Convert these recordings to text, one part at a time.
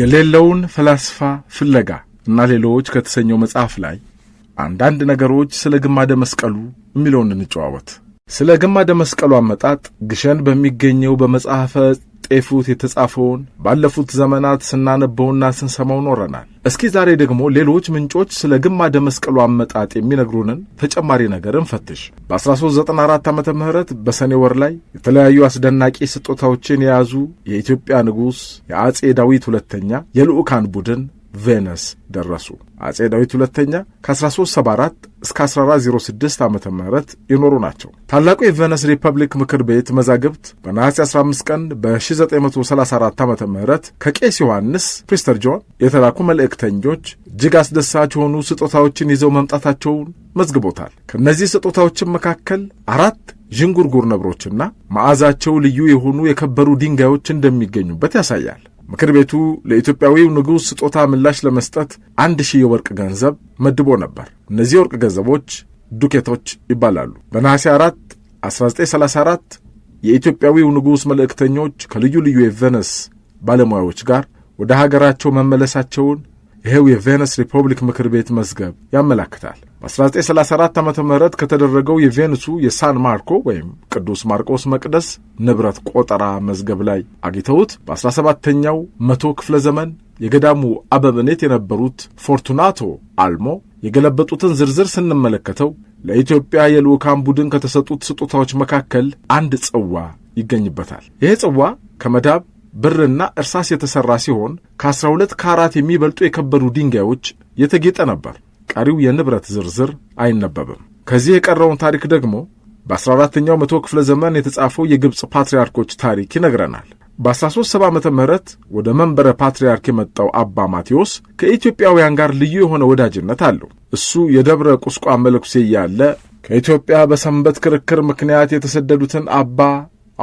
የሌለውን ፈላስፋ ፍለጋ እና ሌሎች ከተሰኘው መጽሐፍ ላይ አንዳንድ ነገሮች ስለ ግማደ መስቀሉ የሚለውን እንጨዋወት። ስለ ግማደ መስቀሉ አመጣጥ ግሸን በሚገኘው በመጽሐፈ ጤፉት የተጻፈውን ባለፉት ዘመናት ስናነበውና ስንሰማው ኖረናል። እስኪ ዛሬ ደግሞ ሌሎች ምንጮች ስለ ግማደ መስቀሉ አመጣጥ የሚነግሩንን ተጨማሪ ነገር እንፈትሽ። በ1394 ዓ ም በሰኔ ወር ላይ የተለያዩ አስደናቂ ስጦታዎችን የያዙ የኢትዮጵያ ንጉሥ የአጼ ዳዊት ሁለተኛ የልዑካን ቡድን ቬነስ ደረሱ። አጼ ዳዊት ሁለተኛ ከ1374 እስከ 1406 ዓ ም የኖሩ ናቸው። ታላቁ የቬነስ ሪፐብሊክ ምክር ቤት መዛግብት በነሐሴ 15 ቀን በ1934 ዓ ም ከቄስ ዮሐንስ ፕሪስተር ጆን የተላኩ መልእክተኞች እጅግ አስደሳች የሆኑ ስጦታዎችን ይዘው መምጣታቸውን መዝግቦታል። ከእነዚህ ስጦታዎችን መካከል አራት ዥንጉርጉር ነብሮችና መዓዛቸው ልዩ የሆኑ የከበሩ ድንጋዮች እንደሚገኙበት ያሳያል። ምክር ቤቱ ለኢትዮጵያዊው ንጉሥ ስጦታ ምላሽ ለመስጠት አንድ ሺህ የወርቅ ገንዘብ መድቦ ነበር። እነዚህ የወርቅ ገንዘቦች ዱኬቶች ይባላሉ። በነሐሴ 4 1934 የኢትዮጵያዊው ንጉሥ መልእክተኞች ከልዩ ልዩ የቬነስ ባለሙያዎች ጋር ወደ ሀገራቸው መመለሳቸውን ይሄው የቬነስ ሪፐብሊክ ምክር ቤት መዝገብ ያመላክታል። በ1934 ዓ ም ከተደረገው የቬንሱ የሳን ማርኮ ወይም ቅዱስ ማርቆስ መቅደስ ንብረት ቆጠራ መዝገብ ላይ አግኝተውት በ17ኛው መቶ ክፍለ ዘመን የገዳሙ አበምኔት የነበሩት ፎርቱናቶ አልሞ የገለበጡትን ዝርዝር ስንመለከተው ለኢትዮጵያ የልዑካን ቡድን ከተሰጡት ስጦታዎች መካከል አንድ ጽዋ ይገኝበታል። ይህ ጽዋ ከመዳብ ብርና እርሳስ የተሠራ ሲሆን ከ12 ካራት የሚበልጡ የከበዱ ድንጋዮች የተጌጠ ነበር። ቀሪው የንብረት ዝርዝር አይነበብም። ከዚህ የቀረውን ታሪክ ደግሞ በ14ኛው መቶ ክፍለ ዘመን የተጻፈው የግብፅ ፓትርያርኮች ታሪክ ይነግረናል። በ137 ዓ ምህረት ወደ መንበረ ፓትርያርክ የመጣው አባ ማቴዎስ ከኢትዮጵያውያን ጋር ልዩ የሆነ ወዳጅነት አለው። እሱ የደብረ ቁስቋ መለኩሴ እያለ ከኢትዮጵያ በሰንበት ክርክር ምክንያት የተሰደዱትን አባ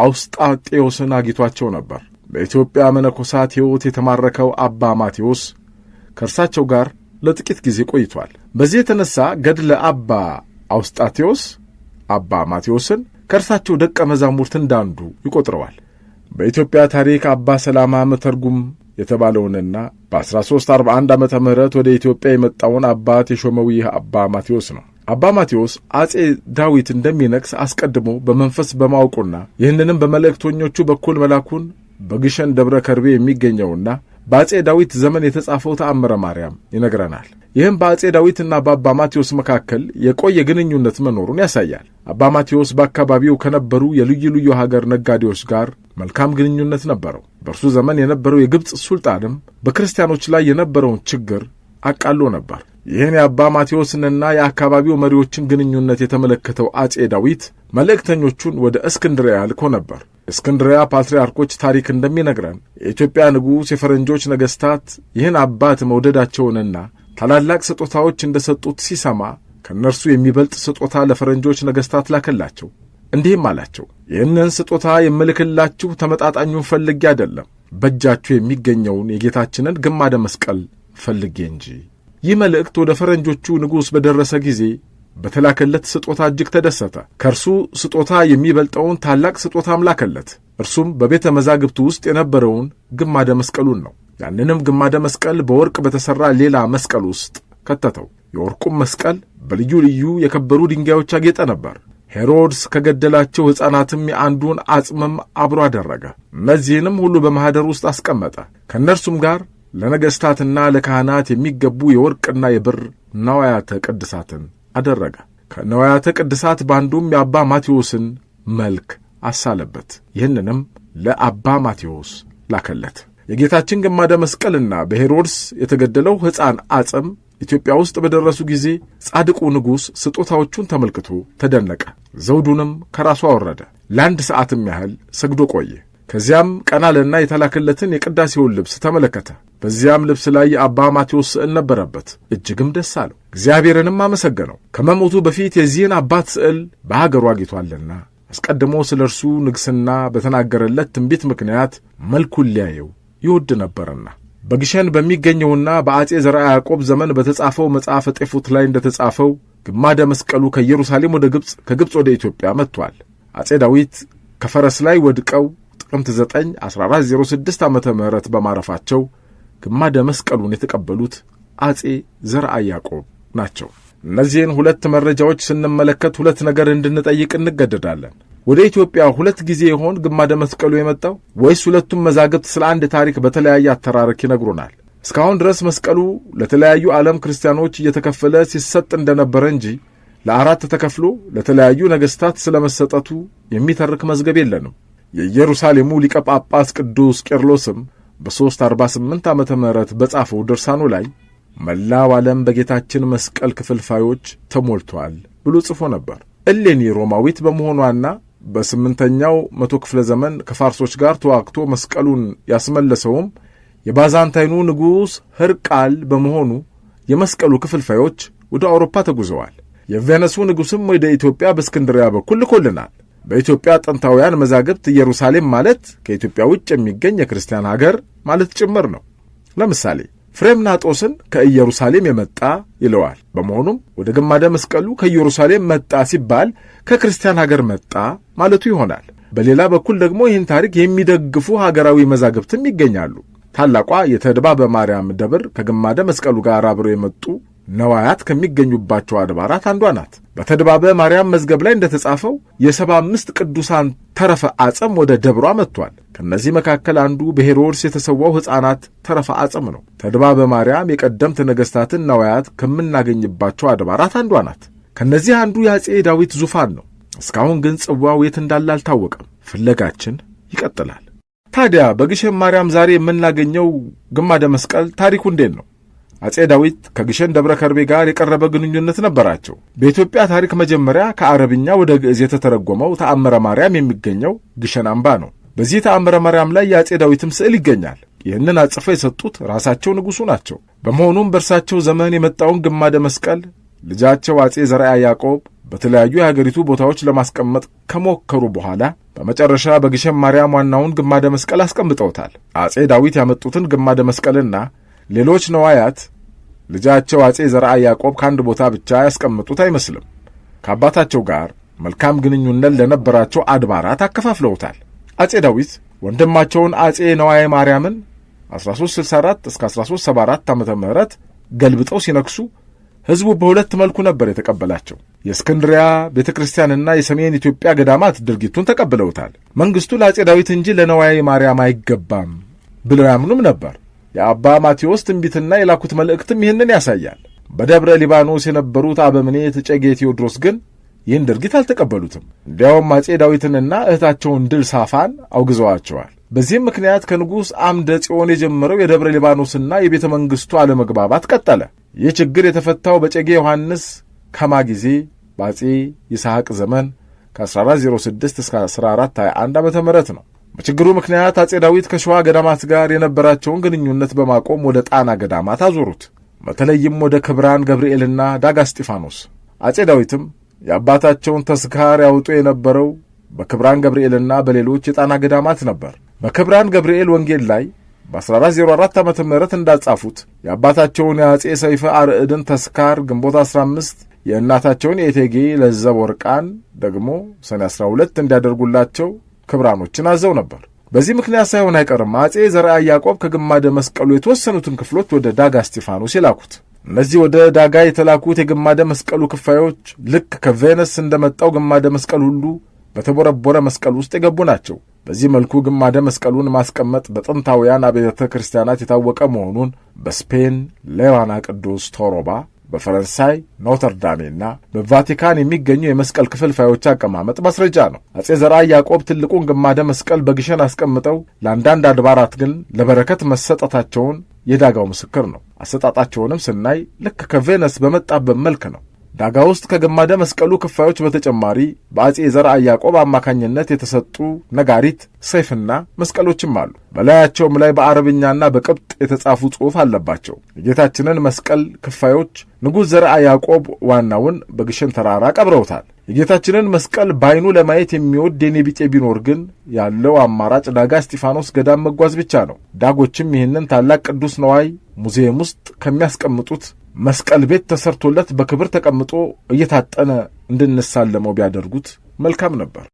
አውስጣጤዎስን አግኝቷቸው ነበር። በኢትዮጵያ መነኮሳት ሕይወት የተማረከው አባ ማቴዎስ ከእርሳቸው ጋር ለጥቂት ጊዜ ቆይቷል። በዚህ የተነሣ ገድለ አባ አውስጣቴዎስ አባ ማቴዎስን ከእርሳቸው ደቀ መዛሙርት እንዳንዱ ይቆጥረዋል። በኢትዮጵያ ታሪክ አባ ሰላማ መተርጉም የተባለውንና በ1341 ዓ ም ወደ ኢትዮጵያ የመጣውን አባት የሾመው ይህ አባ ማቴዎስ ነው። አባ ማቴዎስ አጼ ዳዊት እንደሚነቅስ አስቀድሞ በመንፈስ በማወቁና ይህንንም በመልእክተኞቹ በኩል መላኩን በግሸን ደብረ ከርቤ የሚገኘውና በአጼ ዳዊት ዘመን የተጻፈው ተአምረ ማርያም ይነግረናል። ይህም በአጼ ዳዊትና በአባ ማቴዎስ መካከል የቆየ ግንኙነት መኖሩን ያሳያል። አባ ማቴዎስ በአካባቢው ከነበሩ የልዩ ልዩ ሀገር ነጋዴዎች ጋር መልካም ግንኙነት ነበረው። በእርሱ ዘመን የነበረው የግብፅ ሱልጣንም በክርስቲያኖች ላይ የነበረውን ችግር አቃሎ ነበር። ይህን የአባ ማቴዎስንና የአካባቢው መሪዎችን ግንኙነት የተመለከተው አጼ ዳዊት መልእክተኞቹን ወደ እስክንድርያ ልኮ ነበር። እስክንድሪያ ፓትርያርኮች ታሪክ እንደሚነግረን የኢትዮጵያ ንጉሥ የፈረንጆች ነገሥታት ይህን አባት መውደዳቸውንና ታላላቅ ስጦታዎች እንደሰጡት ሲሰማ ከእነርሱ የሚበልጥ ስጦታ ለፈረንጆች ነገሥታት ላከላቸው። እንዲህም አላቸው፣ ይህንን ስጦታ የምልክላችሁ ተመጣጣኙን ፈልጌ አይደለም፣ በእጃችሁ የሚገኘውን የጌታችንን ግማደ መስቀል ፈልጌ እንጂ። ይህ መልእክት ወደ ፈረንጆቹ ንጉሥ በደረሰ ጊዜ በተላከለት ስጦታ እጅግ ተደሰተ። ከእርሱ ስጦታ የሚበልጠውን ታላቅ ስጦታም ላከለት። እርሱም በቤተ መዛግብቱ ውስጥ የነበረውን ግማደ መስቀሉን ነው። ያንንም ግማደ መስቀል በወርቅ በተሠራ ሌላ መስቀል ውስጥ ከተተው። የወርቁም መስቀል በልዩ ልዩ የከበሩ ድንጋዮች ያጌጠ ነበር። ሄሮድስ ከገደላቸው ሕፃናትም የአንዱን አጽምም አብሮ አደረገ። እነዚህንም ሁሉ በማኅደር ውስጥ አስቀመጠ። ከእነርሱም ጋር ለነገሥታትና ለካህናት የሚገቡ የወርቅና የብር ነዋያተ ቅድሳትን አደረገ። ከነዋያተ ቅድሳት በአንዱም የአባ ማቴዎስን መልክ አሳለበት። ይህንንም ለአባ ማቴዎስ ላከለት። የጌታችን ግማደ መስቀልና በሄሮድስ የተገደለው ሕፃን አጽም ኢትዮጵያ ውስጥ በደረሱ ጊዜ ጻድቁ ንጉሥ ስጦታዎቹን ተመልክቶ ተደነቀ። ዘውዱንም ከራሱ አወረደ። ለአንድ ሰዓትም ያህል ሰግዶ ቆየ። ከዚያም ቀናልና የተላከለትን የቅዳሴውን ልብስ ተመለከተ። በዚያም ልብስ ላይ የአባ ማቴዎስ ስዕል ነበረበት። እጅግም ደስ አለው፣ እግዚአብሔርንም አመሰገነው። ከመሞቱ በፊት የዚህን አባት ስዕል በሀገሩ አግኝቷልና አስቀድሞ ስለ እርሱ ንግሥና በተናገረለት ትንቢት ምክንያት መልኩን ሊያየው ይወድ ነበርና በግሸን በሚገኘውና በአጼ ዘርዓ ያዕቆብ ዘመን በተጻፈው መጽሐፈ ጤፉት ላይ እንደተጻፈው ግማደ መስቀሉ ከኢየሩሳሌም ወደ ግብፅ፣ ከግብፅ ወደ ኢትዮጵያ መጥቷል። አጼ ዳዊት ከፈረስ ላይ ወድቀው ጥቅምት 9 1406 ዓ ም በማረፋቸው ግማደ መስቀሉን የተቀበሉት አጼ ዘርአ ያዕቆብ ናቸው። እነዚህን ሁለት መረጃዎች ስንመለከት ሁለት ነገር እንድንጠይቅ እንገደዳለን። ወደ ኢትዮጵያ ሁለት ጊዜ ይሆን ግማደ መስቀሉ የመጣው ወይስ ሁለቱም መዛግብት ስለ አንድ ታሪክ በተለያየ አተራረክ ይነግሩናል? እስካሁን ድረስ መስቀሉ ለተለያዩ ዓለም ክርስቲያኖች እየተከፈለ ሲሰጥ እንደነበረ እንጂ ለአራት ተከፍሎ ለተለያዩ ነገሥታት ስለ መሰጠቱ የሚተርክ መዝገብ የለንም። የኢየሩሳሌሙ ሊቀ ጳጳስ ቅዱስ ቄርሎስም በ348 ዓ ም በጻፈው ድርሳኑ ላይ መላው ዓለም በጌታችን መስቀል ክፍልፋዮች ተሞልቷል ብሎ ጽፎ ነበር። እሌኒ ሮማዊት በመሆኗና በስምንተኛው መቶ ክፍለ ዘመን ከፋርሶች ጋር ተዋግቶ መስቀሉን ያስመለሰውም የባዛንታይኑ ንጉሥ ሕርቃል በመሆኑ የመስቀሉ ክፍልፋዮች ወደ አውሮፓ ተጉዘዋል። የቬነሱ ንጉሥም ወደ ኢትዮጵያ በእስክንድሪያ በኩል ልኮልናል። በኢትዮጵያ ጥንታውያን መዛግብት ኢየሩሳሌም ማለት ከኢትዮጵያ ውጭ የሚገኝ የክርስቲያን ሀገር ማለት ጭምር ነው። ለምሳሌ ፍሬምናጦስን ከኢየሩሳሌም የመጣ ይለዋል። በመሆኑም ወደ ግማደ መስቀሉ ከኢየሩሳሌም መጣ ሲባል ከክርስቲያን ሀገር መጣ ማለቱ ይሆናል። በሌላ በኩል ደግሞ ይህን ታሪክ የሚደግፉ ሀገራዊ መዛግብትም ይገኛሉ። ታላቋ የተድባበ ማርያም ደብር ከግማደ መስቀሉ ጋር አብረው የመጡ ነዋያት ከሚገኙባቸው አድባራት አንዷ ናት። በተድባበ ማርያም መዝገብ ላይ እንደተጻፈው የሰባ አምስት ቅዱሳን ተረፈ አጽም ወደ ደብሯ መጥቷል። ከእነዚህ መካከል አንዱ በሄሮድስ የተሰዋው ሕፃናት ተረፈ አጽም ነው። ተድባበ ማርያም የቀደምት ነገሥታትን ነዋያት ከምናገኝባቸው አድባራት አንዷ ናት። ከእነዚህ አንዱ የአፄ ዳዊት ዙፋን ነው። እስካሁን ግን ጽዋው የት እንዳለ አልታወቀም። ፍለጋችን ይቀጥላል። ታዲያ በግሸን ማርያም ዛሬ የምናገኘው ግማደ መስቀል ታሪኩ እንዴት ነው? አጼ ዳዊት ከግሸን ደብረ ከርቤ ጋር የቀረበ ግንኙነት ነበራቸው። በኢትዮጵያ ታሪክ መጀመሪያ ከአረብኛ ወደ ግዕዝ የተተረጎመው ተአምረ ማርያም የሚገኘው ግሸን አምባ ነው። በዚህ ተአምረ ማርያም ላይ የአጼ ዳዊትም ስዕል ይገኛል። ይህንን አጽፈ የሰጡት ራሳቸው ንጉሡ ናቸው። በመሆኑም በእርሳቸው ዘመን የመጣውን ግማደ መስቀል ልጃቸው አጼ ዘርዓ ያዕቆብ በተለያዩ የሀገሪቱ ቦታዎች ለማስቀመጥ ከሞከሩ በኋላ በመጨረሻ በግሸን ማርያም ዋናውን ግማደ መስቀል አስቀምጠውታል። አጼ ዳዊት ያመጡትን ግማደ መስቀልና ሌሎች ነዋያት ልጃቸው አጼ ዘርአ ያዕቆብ ከአንድ ቦታ ብቻ ያስቀምጡት አይመስልም። ከአባታቸው ጋር መልካም ግንኙነት ለነበራቸው አድባራት አከፋፍለውታል። አጼ ዳዊት ወንድማቸውን አጼ ነዋየ ማርያምን 1364 1374 ዓ ም ገልብጠው ሲነክሱ ሕዝቡ በሁለት መልኩ ነበር የተቀበላቸው። የእስክንድሪያ ቤተ ክርስቲያንና የሰሜን ኢትዮጵያ ገዳማት ድርጊቱን ተቀብለውታል። መንግሥቱ ለአጼ ዳዊት እንጂ ለነዋየ ማርያም አይገባም ብለው ያምኑም ነበር። የአባ ማቴዎስ ትንቢትና የላኩት መልእክትም ይህንን ያሳያል። በደብረ ሊባኖስ የነበሩት አበምኔት እጨጌ ቴዎድሮስ ግን ይህን ድርጊት አልተቀበሉትም። እንዲያውም አጼ ዳዊትንና እህታቸውን ድል ሳፋን አውግዘዋቸዋል። በዚህም ምክንያት ከንጉሥ አምደ ጽዮን የጀመረው የደብረ ሊባኖስና የቤተ መንግሥቱ አለመግባባት ቀጠለ። ይህ ችግር የተፈታው በጨጌ ዮሐንስ ከማ ጊዜ በአጼ ይስሐቅ ዘመን ከ1406 እስከ 1421 ዓ ም ነው። በችግሩ ምክንያት አጼ ዳዊት ከሸዋ ገዳማት ጋር የነበራቸውን ግንኙነት በማቆም ወደ ጣና ገዳማት አዞሩት። በተለይም ወደ ክብራን ገብርኤልና ዳጋ እስጢፋኖስ። አጼ ዳዊትም የአባታቸውን ተስካር ያውጡ የነበረው በክብራን ገብርኤልና በሌሎች የጣና ገዳማት ነበር። በክብራን ገብርኤል ወንጌል ላይ በ1404 ዓ ም እንዳጻፉት የአባታቸውን የአጼ ሰይፈ አርዕድን ተስካር ግንቦት 15 የእናታቸውን የእቴጌ ለዘብ ወርቃን ደግሞ ሰኔ 12 እንዲያደርጉላቸው ክብራኖችን አዘው ነበር። በዚህ ምክንያት ሳይሆን አይቀርም አጼ ዘርአ ያዕቆብ ከግማደ መስቀሉ የተወሰኑትን ክፍሎች ወደ ዳጋ እስጢፋኖስ የላኩት። እነዚህ ወደ ዳጋ የተላኩት የግማደ መስቀሉ ክፋዮች ልክ ከቬነስ እንደመጣው ግማደ መስቀል ሁሉ በተቦረቦረ መስቀል ውስጥ የገቡ ናቸው። በዚህ መልኩ ግማደ መስቀሉን ማስቀመጥ በጥንታውያን አብያተ ክርስቲያናት የታወቀ መሆኑን በስፔን ሌዋና ቅዱስ ቶሮባ በፈረንሳይ ኖተርዳሜ እና በቫቲካን የሚገኙ የመስቀል ክፍል ፋዮች አቀማመጥ ማስረጃ ነው። አጼ ዘርዓ ያዕቆብ ትልቁን ግማደ መስቀል በግሸን አስቀምጠው ለአንዳንድ አድባራት ግን ለበረከት መሰጠታቸውን የዳጋው ምስክር ነው። አሰጣጣቸውንም ስናይ ልክ ከቬነስ በመጣበት መልክ ነው። ዳጋ ውስጥ ከገማደ መስቀሉ ክፋዮች በተጨማሪ በአጼ ዘርዓ ያዕቆብ አማካኝነት የተሰጡ ነጋሪት፣ ሰይፍና መስቀሎችም አሉ። በላያቸውም ላይ በአረብኛና በቅብጥ የተጻፉ ጽሑፍ አለባቸው። የጌታችንን መስቀል ክፋዮች ንጉሥ ዘር ያዕቆብ ዋናውን በግሸን ተራራ ቀብረውታል። የጌታችንን መስቀል በዓይኑ ለማየት የሚወድ የኔ ቢጤ ቢኖር ግን ያለው አማራጭ ዳጋ እስጢፋኖስ ገዳም መጓዝ ብቻ ነው። ዳጎችም ይህንን ታላቅ ቅዱስ ነዋይ ሙዚየም ውስጥ ከሚያስቀምጡት መስቀል ቤት ተሰርቶለት በክብር ተቀምጦ እየታጠነ እንድንሳለመው ቢያደርጉት መልካም ነበር።